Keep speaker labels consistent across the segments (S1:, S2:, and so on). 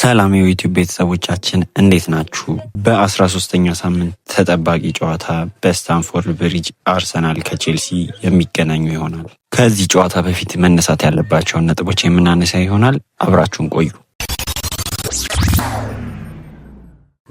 S1: ሰላም የዩቲዩብ ቤተሰቦቻችን እንዴት ናችሁ? በ 13 ሳምንት ተጠባቂ ጨዋታ በስታንፎርድ ብሪጅ አርሰናል ከቼልሲ የሚገናኙ ይሆናል። ከዚህ ጨዋታ በፊት መነሳት ያለባቸውን ነጥቦች የምናነሳ ይሆናል። አብራችሁን ቆዩ።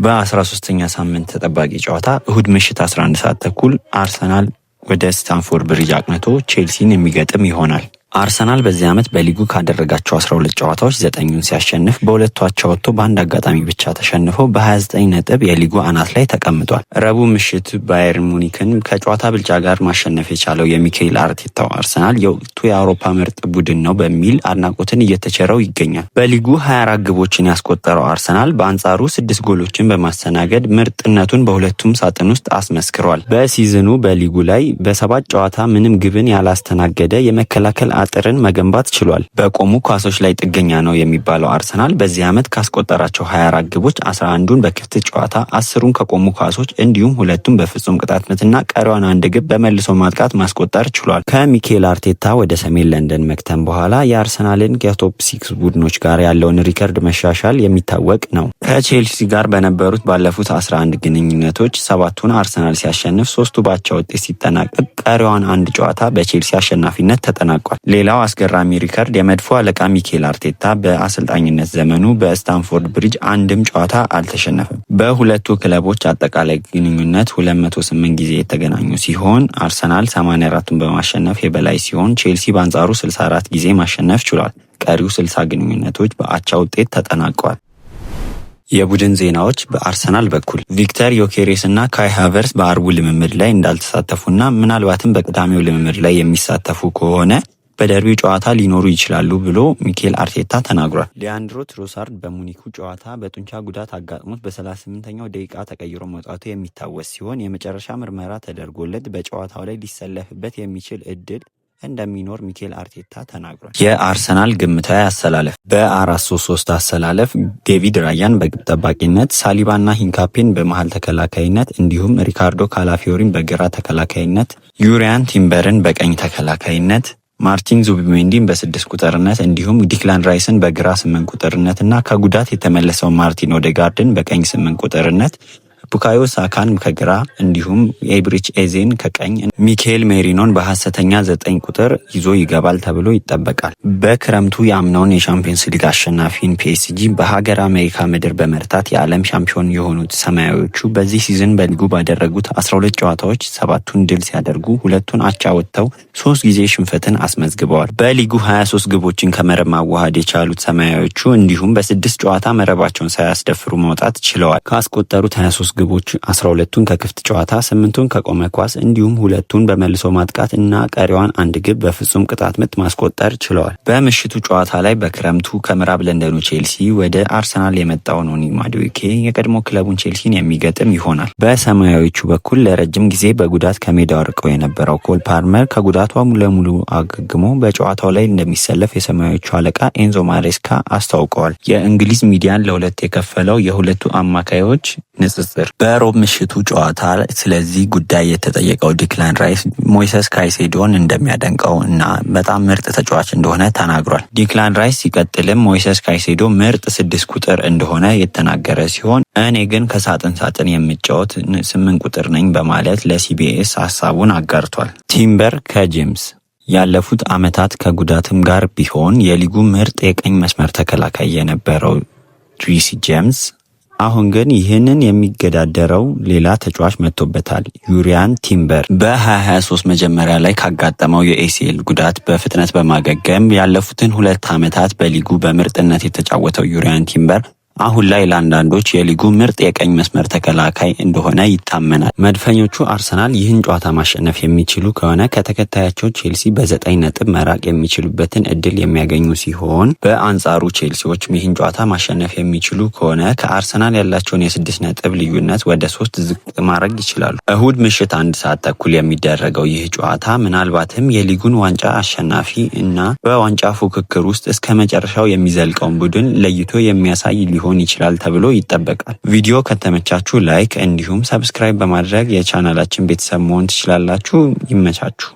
S1: በ13ኛ ሳምንት ተጠባቂ ጨዋታ እሁድ ምሽት 11 ሰዓት ተኩል አርሰናል ወደ ስታንፎርድ ብሪጅ አቅንቶ ቼልሲን የሚገጥም ይሆናል። አርሰናል በዚህ ዓመት በሊጉ ካደረጋቸው 12 ጨዋታዎች ዘጠኙን ሲያሸንፍ በሁለቱ አቻ ወጥቶ በአንድ አጋጣሚ ብቻ ተሸንፎ በ29 ነጥብ የሊጉ አናት ላይ ተቀምጧል። ረቡዕ ምሽት ባየር ሙኒክን ከጨዋታ ብልጫ ጋር ማሸነፍ የቻለው የሚካኤል አርቴታው አርሰናል የወቅቱ የአውሮፓ ምርጥ ቡድን ነው በሚል አድናቆትን እየተቸረው ይገኛል። በሊጉ 24 ግቦችን ያስቆጠረው አርሰናል በአንጻሩ ስድስት ጎሎችን በማስተናገድ ምርጥነቱን በሁለቱም ሳጥን ውስጥ አስመስክሯል። በሲዝኑ በሊጉ ላይ በሰባት ጨዋታ ምንም ግብን ያላስተናገደ የመከላከል አጥርን መገንባት ችሏል። በቆሙ ኳሶች ላይ ጥገኛ ነው የሚባለው አርሰናል በዚህ ዓመት ካስቆጠራቸው 24 ግቦች 11ዱን በክፍት ጨዋታ፣ አስሩን ከቆሙ ኳሶች እንዲሁም ሁለቱን በፍጹም ቅጣት ምትና ቀሪዋን አንድ ግብ በመልሶ ማጥቃት ማስቆጠር ችሏል። ከሚኬል አርቴታ ወደ ሰሜን ለንደን መክተም በኋላ የአርሰናልን ከቶፕ ሲክስ ቡድኖች ጋር ያለውን ሪከርድ መሻሻል የሚታወቅ ነው። ከቼልሲ ጋር በነበሩት ባለፉት 11 ግንኙነቶች ሰባቱን አርሰናል ሲያሸንፍ ሶስቱ ባቻ ውጤት ሲጠናቀቅ ቀሪዋን አንድ ጨዋታ በቼልሲ አሸናፊነት ተጠናቋል። ሌላው አስገራሚ ሪከርድ የመድፎ አለቃ ሚኬል አርቴታ በአሰልጣኝነት ዘመኑ በስታንፎርድ ብሪጅ አንድም ጨዋታ አልተሸነፈም። በሁለቱ ክለቦች አጠቃላይ ግንኙነት 208 ጊዜ የተገናኙ ሲሆን አርሰናል 84ቱን በማሸነፍ የበላይ ሲሆን፣ ቼልሲ በአንጻሩ 64 ጊዜ ማሸነፍ ችሏል። ቀሪው 60 ግንኙነቶች በአቻ ውጤት ተጠናቀዋል። የቡድን ዜናዎች በአርሰናል በኩል ቪክተር ዮኬሬስ እና ካይ ሃቨርስ በአርቡ ልምምድ ላይ እንዳልተሳተፉና ምናልባትም በቅዳሜው ልምምድ ላይ የሚሳተፉ ከሆነ በደርቢው ጨዋታ ሊኖሩ ይችላሉ ብሎ ሚኬል አርቴታ ተናግሯል።
S2: ሊያንድሮ ትሮሳርድ በሙኒኩ ጨዋታ በጡንቻ ጉዳት አጋጥሞት በ38ኛው ደቂቃ ተቀይሮ መውጣቱ የሚታወስ ሲሆን የመጨረሻ ምርመራ ተደርጎለት በጨዋታው ላይ ሊሰለፍበት የሚችል እድል እንደሚኖር ሚኬል አርቴታ ተናግሯል።
S1: የአርሰናል ግምታዊ አሰላለፍ በ ሶስት ሶስት አሰላለፍ ዴቪድ ራያን በግብ ጠባቂነት፣ ሳሊባና ሂንካፔን በመሃል ተከላካይነት እንዲሁም ሪካርዶ ካላፊዮሪን በግራ ተከላካይነት፣ ዩሪያን ቲምበርን በቀኝ ተከላካይነት ማርቲን ዙቢሜንዲን በስድስት ቁጥርነት እንዲሁም ዲክላን ራይስን በግራ ስምንት ቁጥርነትና ከጉዳት የተመለሰው ማርቲን ኦደጋርድን በቀኝ ስምንት ቁጥርነት ቡካዮ ሳካን ከግራ እንዲሁም ኤብሪች ኤዜን ከቀኝ ሚካኤል ሜሪኖን በሐሰተኛ ዘጠኝ ቁጥር ይዞ ይገባል ተብሎ ይጠበቃል። በክረምቱ የአምናውን የሻምፒዮንስ ሊግ አሸናፊን ፒኤስጂ በሀገር አሜሪካ ምድር በመርታት የዓለም ሻምፒዮን የሆኑት ሰማያዎቹ በዚህ ሲዝን በሊጉ ባደረጉት 12 ጨዋታዎች ሰባቱን ድል ሲያደርጉ ሁለቱን አቻ ወጥተው ሶስት ጊዜ ሽንፈትን አስመዝግበዋል። በሊጉ 23 ግቦችን ከመረብ ማዋሃድ የቻሉት ሰማያዎቹ እንዲሁም በስድስት ጨዋታ መረባቸውን ሳያስደፍሩ መውጣት ችለዋል። ካስቆጠሩት 23 ግቦች 12ቱን ከክፍት ጨዋታ፣ ስምንቱን ከቆመ ኳስ እንዲሁም ሁለቱን በመልሶ ማጥቃት እና ቀሪዋን አንድ ግብ በፍጹም ቅጣት ምት ማስቆጠር ችለዋል። በምሽቱ ጨዋታ ላይ በክረምቱ ከምዕራብ ለንደኑ ቼልሲ ወደ አርሰናል የመጣው ኖኒ ማዱዌኬ የቀድሞ ክለቡን ቼልሲን የሚገጥም ይሆናል። በሰማያዊዎቹ በኩል ለረጅም ጊዜ በጉዳት ከሜዳው ርቀው የነበረው ኮል ፓርመር ከጉዳቷ ሙሉ ለሙሉ አገግሞ በጨዋታው ላይ እንደሚሰለፍ የሰማያዊዎቹ አለቃ ኤንዞ ማሬስካ አስታውቀዋል። የእንግሊዝ ሚዲያን ለሁለት የከፈለው የሁለቱ አማካዮች ንጽጽር በሮብ ምሽቱ ጨዋታ ስለዚህ ጉዳይ የተጠየቀው ዲክላን ራይስ ሞይሰስ ካይሴዶን እንደሚያደንቀው እና በጣም ምርጥ ተጫዋች እንደሆነ ተናግሯል። ዲክላን ራይስ ሲቀጥልም ሞይሰስ ካይሴዶ ምርጥ ስድስት ቁጥር እንደሆነ የተናገረ ሲሆን እኔ ግን ከሳጥን ሳጥን የምጫወት ስምንት ቁጥር ነኝ በማለት ለሲቢኤስ ሀሳቡን አጋርቷል። ቲምበር ከጄምስ ያለፉት ዓመታት ከጉዳትም ጋር ቢሆን የሊጉ ምርጥ የቀኝ መስመር ተከላካይ የነበረው ጁሲ ጄምስ አሁን ግን ይህንን የሚገዳደረው ሌላ ተጫዋች መጥቶበታል። ዩሪያን ቲምበር በ2023 መጀመሪያ ላይ ካጋጠመው የኤሲኤል ጉዳት በፍጥነት በማገገም ያለፉትን ሁለት ዓመታት በሊጉ በምርጥነት የተጫወተው ዩሪያን ቲምበር አሁን ላይ ለአንዳንዶች የሊጉ ምርጥ የቀኝ መስመር ተከላካይ እንደሆነ ይታመናል። መድፈኞቹ አርሰናል ይህን ጨዋታ ማሸነፍ የሚችሉ ከሆነ ከተከታያቸው ቼልሲ በዘጠኝ ነጥብ መራቅ የሚችሉበትን እድል የሚያገኙ ሲሆን በአንጻሩ ቼልሲዎችም ይህን ጨዋታ ማሸነፍ የሚችሉ ከሆነ ከአርሰናል ያላቸውን የስድስት ነጥብ ልዩነት ወደ ሶስት ዝቅ ማድረግ ይችላሉ። እሁድ ምሽት አንድ ሰዓት ተኩል የሚደረገው ይህ ጨዋታ ምናልባትም የሊጉን ዋንጫ አሸናፊ እና በዋንጫ ፉክክር ውስጥ እስከ መጨረሻው የሚዘልቀውን ቡድን ለይቶ የሚያሳይ ሊሆን ሊሆን ይችላል ተብሎ ይጠበቃል። ቪዲዮ ከተመቻችሁ ላይክ እንዲሁም ሰብስክራይብ በማድረግ የቻናላችን ቤተሰብ መሆን ትችላላችሁ። ይመቻችሁ።